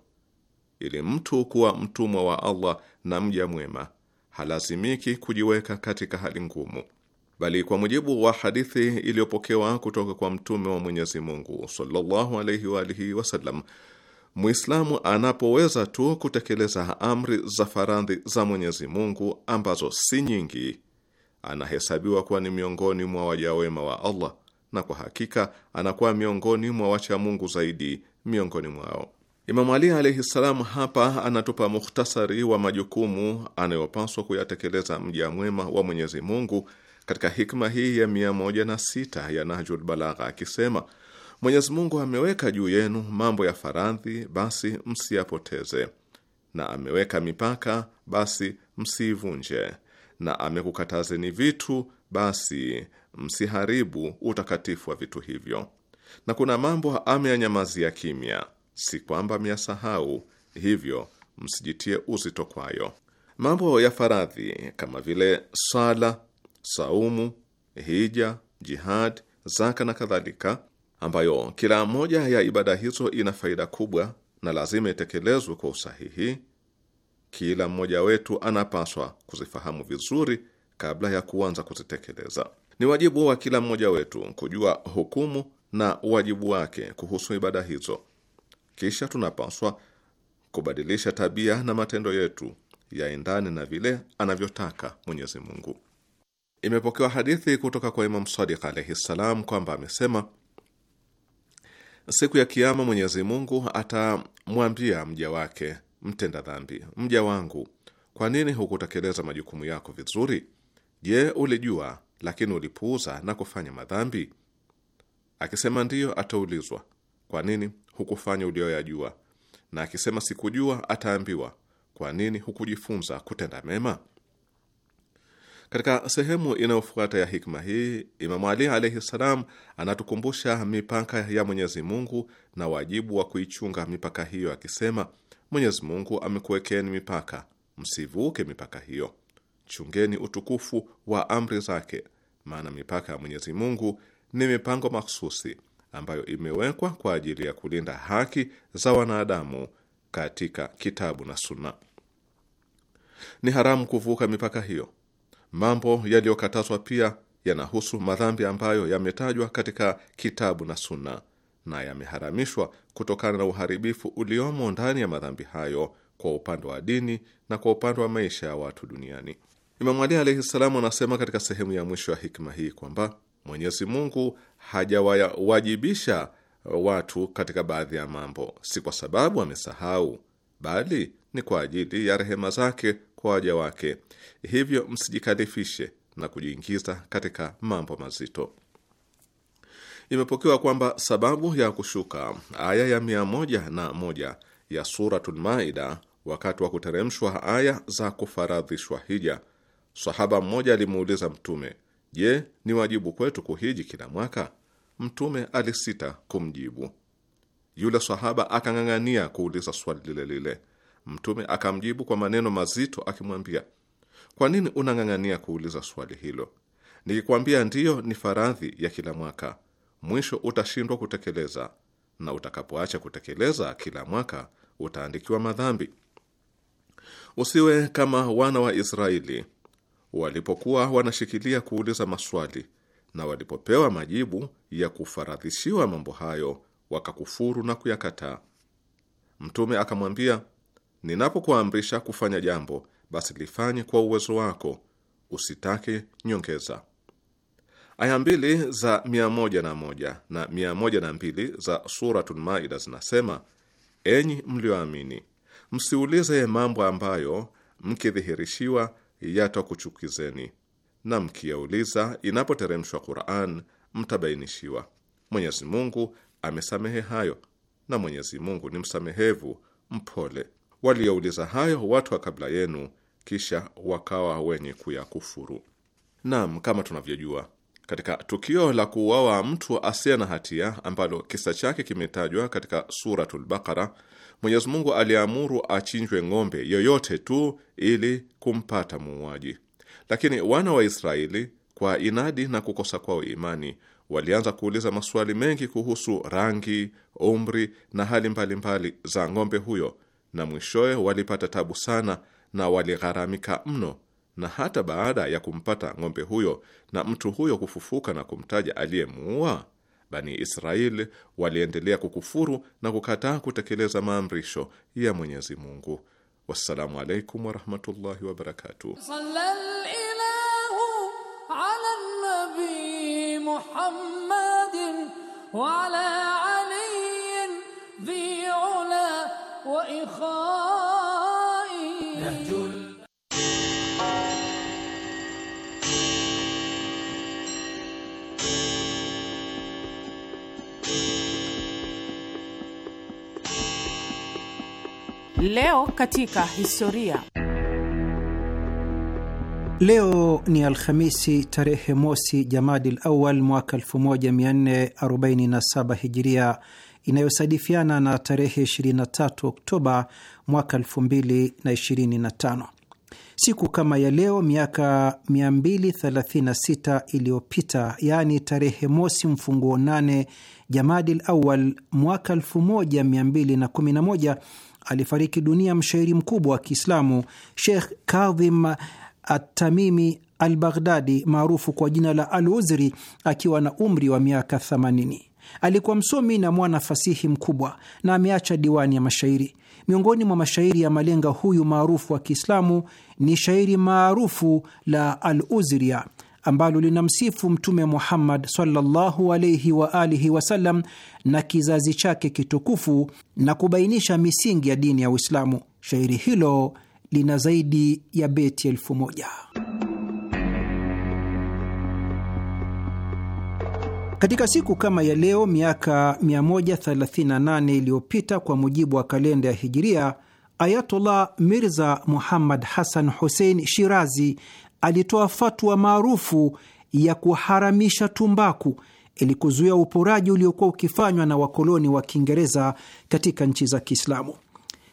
Ili mtu kuwa mtumwa wa Allah na mja mwema halazimiki kujiweka katika hali ngumu, bali kwa mujibu wa hadithi iliyopokewa kutoka kwa mtume wa Mwenyezi Mungu sallallahu alayhi wa alihi wasallam, Muislamu anapoweza tu kutekeleza amri za faradhi za Mwenyezi Mungu ambazo si nyingi, anahesabiwa kuwa ni miongoni mwa waja wema wa Allah na kwa hakika anakuwa miongoni mwa wachamungu zaidi miongoni mwao. Imamu Ali alaihi ssalam hapa anatupa mukhtasari wa majukumu anayopaswa kuyatekeleza mja mwema wa Mwenyezi Mungu katika hikma hii ya mia moja na sita ya Nahjul Balagha akisema, Mwenyezi Mungu ameweka juu yenu mambo ya faradhi, basi msiyapoteze, na ameweka mipaka, basi msiivunje, na amekukatazeni vitu, basi msiharibu utakatifu wa vitu hivyo. Na kuna mambo ameyanyamazia kimya, si kwamba myasahau, hivyo msijitie uzito kwayo. Mambo ya faradhi kama vile sala, saumu, hija, jihad, zaka na kadhalika, ambayo kila moja ya ibada hizo ina faida kubwa na lazima itekelezwe kwa usahihi. Kila mmoja wetu anapaswa kuzifahamu vizuri kabla ya kuanza kuzitekeleza. Ni wajibu wa kila mmoja wetu kujua hukumu na wajibu wake kuhusu ibada hizo. Kisha tunapaswa kubadilisha tabia na matendo yetu yaendane na vile anavyotaka Mwenyezi Mungu. Imepokewa hadithi kutoka kwa Imam Sadiq alaihi ssalam kwamba amesema, siku ya kiama Mwenyezi Mungu atamwambia mja wake mtenda dhambi, mja wangu, kwa nini hukutekeleza majukumu yako vizuri? Je, ulijua lakini ulipuuza na kufanya madhambi? Akisema ndiyo, ataulizwa kwa nini hukufanya ulioyajua, na akisema sikujua, ataambiwa kwa nini hukujifunza kutenda mema? Katika sehemu inayofuata ya hikma hii, Imamu Ali alaihi salam anatukumbusha mipaka ya Mwenyezi Mungu na wajibu wa kuichunga mipaka hiyo, akisema Mwenyezi Mungu amekuwekeni mipaka, msivuke mipaka hiyo chungeni utukufu wa amri zake, maana mipaka ya Mwenyezi Mungu ni mipango mahsusi ambayo imewekwa kwa ajili ya kulinda haki za wanadamu katika kitabu na Sunna. Ni haramu kuvuka mipaka hiyo. Mambo yaliyokatazwa pia yanahusu madhambi ambayo yametajwa katika kitabu na Sunna na yameharamishwa kutokana na uharibifu uliomo ndani ya madhambi hayo kwa upande wa dini na kwa upande wa maisha ya watu duniani. Imam Ali alaihi salamu anasema katika sehemu ya mwisho ya hikma hii kwamba Mwenyezi Mungu hajawawajibisha watu katika baadhi ya mambo, si kwa sababu amesahau, bali ni kwa ajili ya rehema zake kwa waja wake. Hivyo msijikalifishe na kujiingiza katika mambo mazito. Imepokewa kwamba sababu ya kushuka aya ya mia moja na moja ya Suratul Maida wakati wa kuteremshwa aya za kufaradhishwa hija Sahaba mmoja alimuuliza Mtume, je, ni wajibu kwetu kuhiji kila mwaka? Mtume alisita kumjibu. Yule sahaba akang'ang'ania kuuliza swali lile lile. Mtume akamjibu kwa maneno mazito akimwambia, kwa nini unang'ang'ania kuuliza swali hilo? Nikikwambia ndiyo, ni faradhi ya kila mwaka, mwisho utashindwa kutekeleza, na utakapoacha kutekeleza kila mwaka utaandikiwa madhambi. Usiwe kama wana wa Israeli walipokuwa wanashikilia kuuliza maswali na walipopewa majibu ya kufaradhishiwa mambo hayo wakakufuru na kuyakataa. Mtume akamwambia, ninapokuamrisha kufanya jambo, basi lifanye kwa uwezo wako, usitake nyongeza. Aya mbili za mia moja na moja na mia moja na mbili za Suratul Maida zinasema: enyi mlioamini, msiulize mambo ambayo mkidhihirishiwa yatakuchukizeni na mkiyauliza inapoteremshwa Qur'an mtabainishiwa. Mwenyezi Mungu amesamehe hayo na Mwenyezi Mungu ni msamehevu mpole. Waliouliza hayo watu wa kabla yenu, kisha wakawa wenye kuyakufuru. Naam, kama tunavyojua katika tukio la kuuawa mtu asiye na hatia ambalo kisa chake kimetajwa katika Suratul Baqara, Mwenyezi Mungu aliamuru achinjwe ng'ombe yoyote tu ili kumpata muuaji, lakini wana wa Israeli kwa inadi na kukosa kwao imani walianza kuuliza maswali mengi kuhusu rangi, umri na hali mbalimbali mbali za ng'ombe huyo, na mwishowe walipata tabu sana na waligharamika mno na hata baada ya kumpata ng'ombe huyo na mtu huyo kufufuka na kumtaja aliyemuua, Bani Israeli waliendelea kukufuru na kukataa kutekeleza maamrisho ya Mwenyezi Mungu. Wassalamu alaikum warahmatullahi wabarakatuh.
Wa
Leo katika historia.
Leo ni Alhamisi tarehe mosi Jamadil Awal mwaka 1447 Hijiria, inayosadifiana na tarehe 23 Oktoba mwaka 2025. Siku kama ya leo miaka 236 iliyopita, yaani tarehe mosi mfunguo nane Jamadil Awal mwaka 1211 alifariki dunia mshairi mkubwa wa Kiislamu Sheikh Kadhim Atamimi Al Baghdadi maarufu kwa jina la Al Uzri akiwa na umri wa miaka 80. Alikuwa msomi na mwana fasihi mkubwa na ameacha diwani ya mashairi. Miongoni mwa mashairi ya malenga huyu maarufu wa Kiislamu ni shairi maarufu la Al Uzria ambalo linamsifu Mtume Muhammad sallallahu alaihi wa alihi wasallam na kizazi chake kitukufu na kubainisha misingi ya dini ya Uislamu. Shairi hilo lina zaidi ya beti elfu moja. Katika siku kama ya leo miaka 138 iliyopita kwa mujibu wa kalenda ya Hijiria, Ayatullah Mirza Muhammad Hassan Hussein Shirazi alitoa fatwa maarufu ya kuharamisha tumbaku ili kuzuia uporaji uliokuwa ukifanywa na wakoloni wa Kiingereza katika nchi za Kiislamu.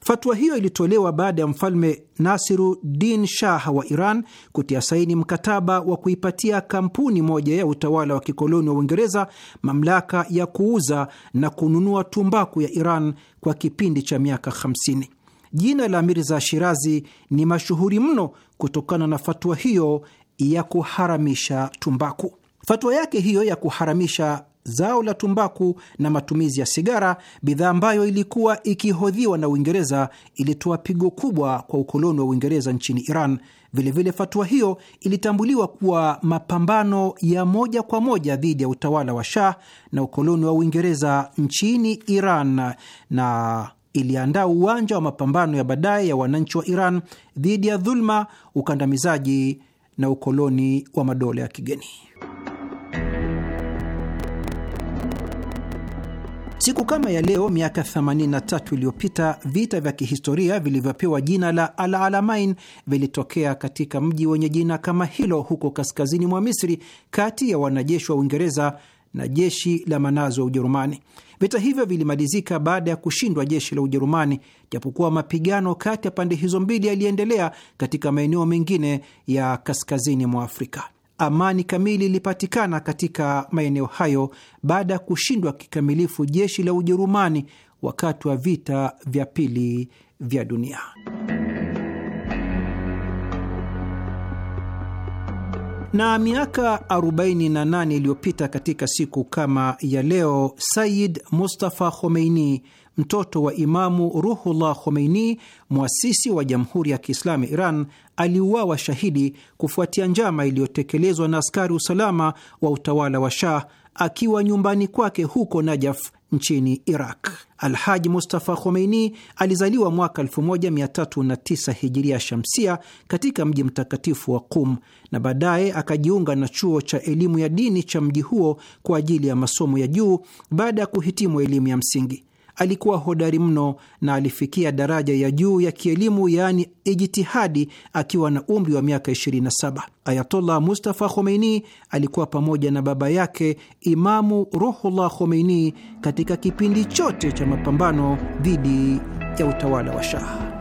Fatwa hiyo ilitolewa baada ya mfalme Nasiruddin Shah wa Iran kutia saini mkataba wa kuipatia kampuni moja ya utawala wa kikoloni wa Uingereza mamlaka ya kuuza na kununua tumbaku ya Iran kwa kipindi cha miaka 50. Jina la Mirza Shirazi ni mashuhuri mno kutokana na fatwa hiyo ya kuharamisha tumbaku. Fatwa yake hiyo ya kuharamisha zao la tumbaku na matumizi ya sigara, bidhaa ambayo ilikuwa ikihodhiwa na Uingereza, ilitoa pigo kubwa kwa ukoloni wa Uingereza nchini Iran. Vilevile, fatua hiyo ilitambuliwa kuwa mapambano ya moja kwa moja dhidi ya utawala wa Shah na ukoloni wa Uingereza nchini Iran na iliandaa uwanja wa mapambano ya baadaye ya wananchi wa Iran dhidi ya dhuluma, ukandamizaji na ukoloni wa madola ya kigeni. Siku kama ya leo miaka 83 iliyopita vita vya kihistoria vilivyopewa jina la Al Alamain vilitokea katika mji wenye jina kama hilo huko kaskazini mwa Misri, kati ya wanajeshi wa Uingereza na jeshi la manazo wa Ujerumani. Vita hivyo vilimalizika baada ya kushindwa jeshi la Ujerumani, japokuwa mapigano kati ya pande hizo mbili yaliendelea katika maeneo mengine ya kaskazini mwa Afrika. Amani kamili ilipatikana katika maeneo hayo baada ya kushindwa kikamilifu jeshi la Ujerumani wakati wa vita vya pili vya dunia. Na miaka 48 iliyopita katika siku kama ya leo, Sayid Mustafa Khomeini, mtoto wa Imamu Ruhullah Khomeini, mwasisi wa Jamhuri ya Kiislamu Iran, aliuawa shahidi kufuatia njama iliyotekelezwa na askari usalama wa utawala wa Shah akiwa nyumbani kwake huko Najaf nchini Iraq. Alhaji Mustafa Khomeini alizaliwa mwaka 1309 hijiria shamsia katika mji mtakatifu wa Qum na baadaye akajiunga na chuo cha elimu ya dini cha mji huo kwa ajili ya masomo ya juu baada ya kuhitimu elimu ya msingi alikuwa hodari mno na alifikia daraja ya juu ya kielimu, yaani ijtihadi, akiwa na umri wa miaka 27. Ayatollah Mustafa Khomeini alikuwa pamoja na baba yake Imamu Ruhullah Khomeini katika kipindi chote cha mapambano dhidi ya utawala wa shaha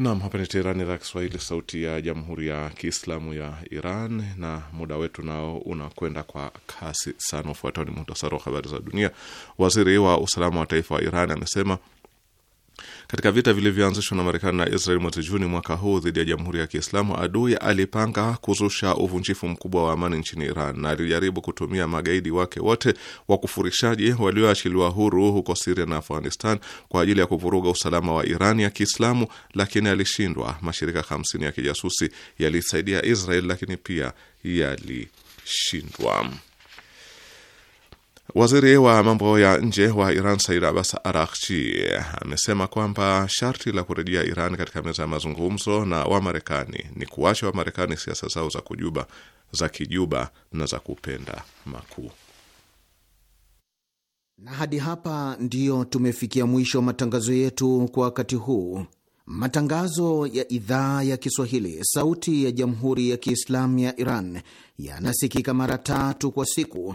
Nam, hapa ni Teherani, idhaa Kiswahili, sauti ya jamhuri ya kiislamu ya Iran. Na muda wetu nao unakwenda kwa kasi sana. Ufuatao ni muhtasari wa habari za dunia. Waziri wa usalama wa taifa wa Iran amesema katika vita vilivyoanzishwa na Marekani na Israel mwezi Juni mwaka huu dhidi ya Jamhuri ya Kiislamu, adui alipanga kuzusha uvunjifu mkubwa wa amani nchini Iran na alijaribu kutumia magaidi wake wote wakufurishaji walioachiliwa huru huko Siria na Afghanistan kwa ajili ya kuvuruga usalama wa Iran ya Kiislamu, lakini alishindwa. Mashirika 50 ya kijasusi yalisaidia Israel, lakini pia yalishindwa. Waziri wa mambo ya nje wa Iran Said Abbas Arakchi amesema kwamba sharti la kurejea Iran katika meza ya mazungumzo na Wamarekani ni kuacha Wamarekani siasa zao za kujuba za kijuba na za kupenda makuu.
Na hadi hapa ndiyo tumefikia mwisho wa matangazo yetu kwa wakati huu. Matangazo ya idhaa ya Kiswahili sauti ya Jamhuri ya Kiislamu ya Iran yanasikika mara tatu kwa siku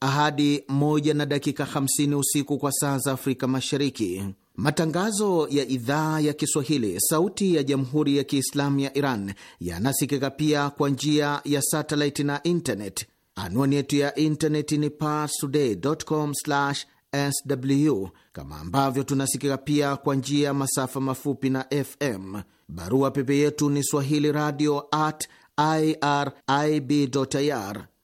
ahadi moja na dakika 50 usiku kwa saa za Afrika Mashariki. Matangazo ya idhaa ya Kiswahili sauti ya Jamhuri ya Kiislamu ya Iran yanasikika pia kwa njia ya satellite na internet. Anwani yetu ya internet ni parstoday.com/sw, kama ambavyo tunasikika pia kwa njia ya masafa mafupi na FM. Barua pepe yetu ni swahili radio at irib.ir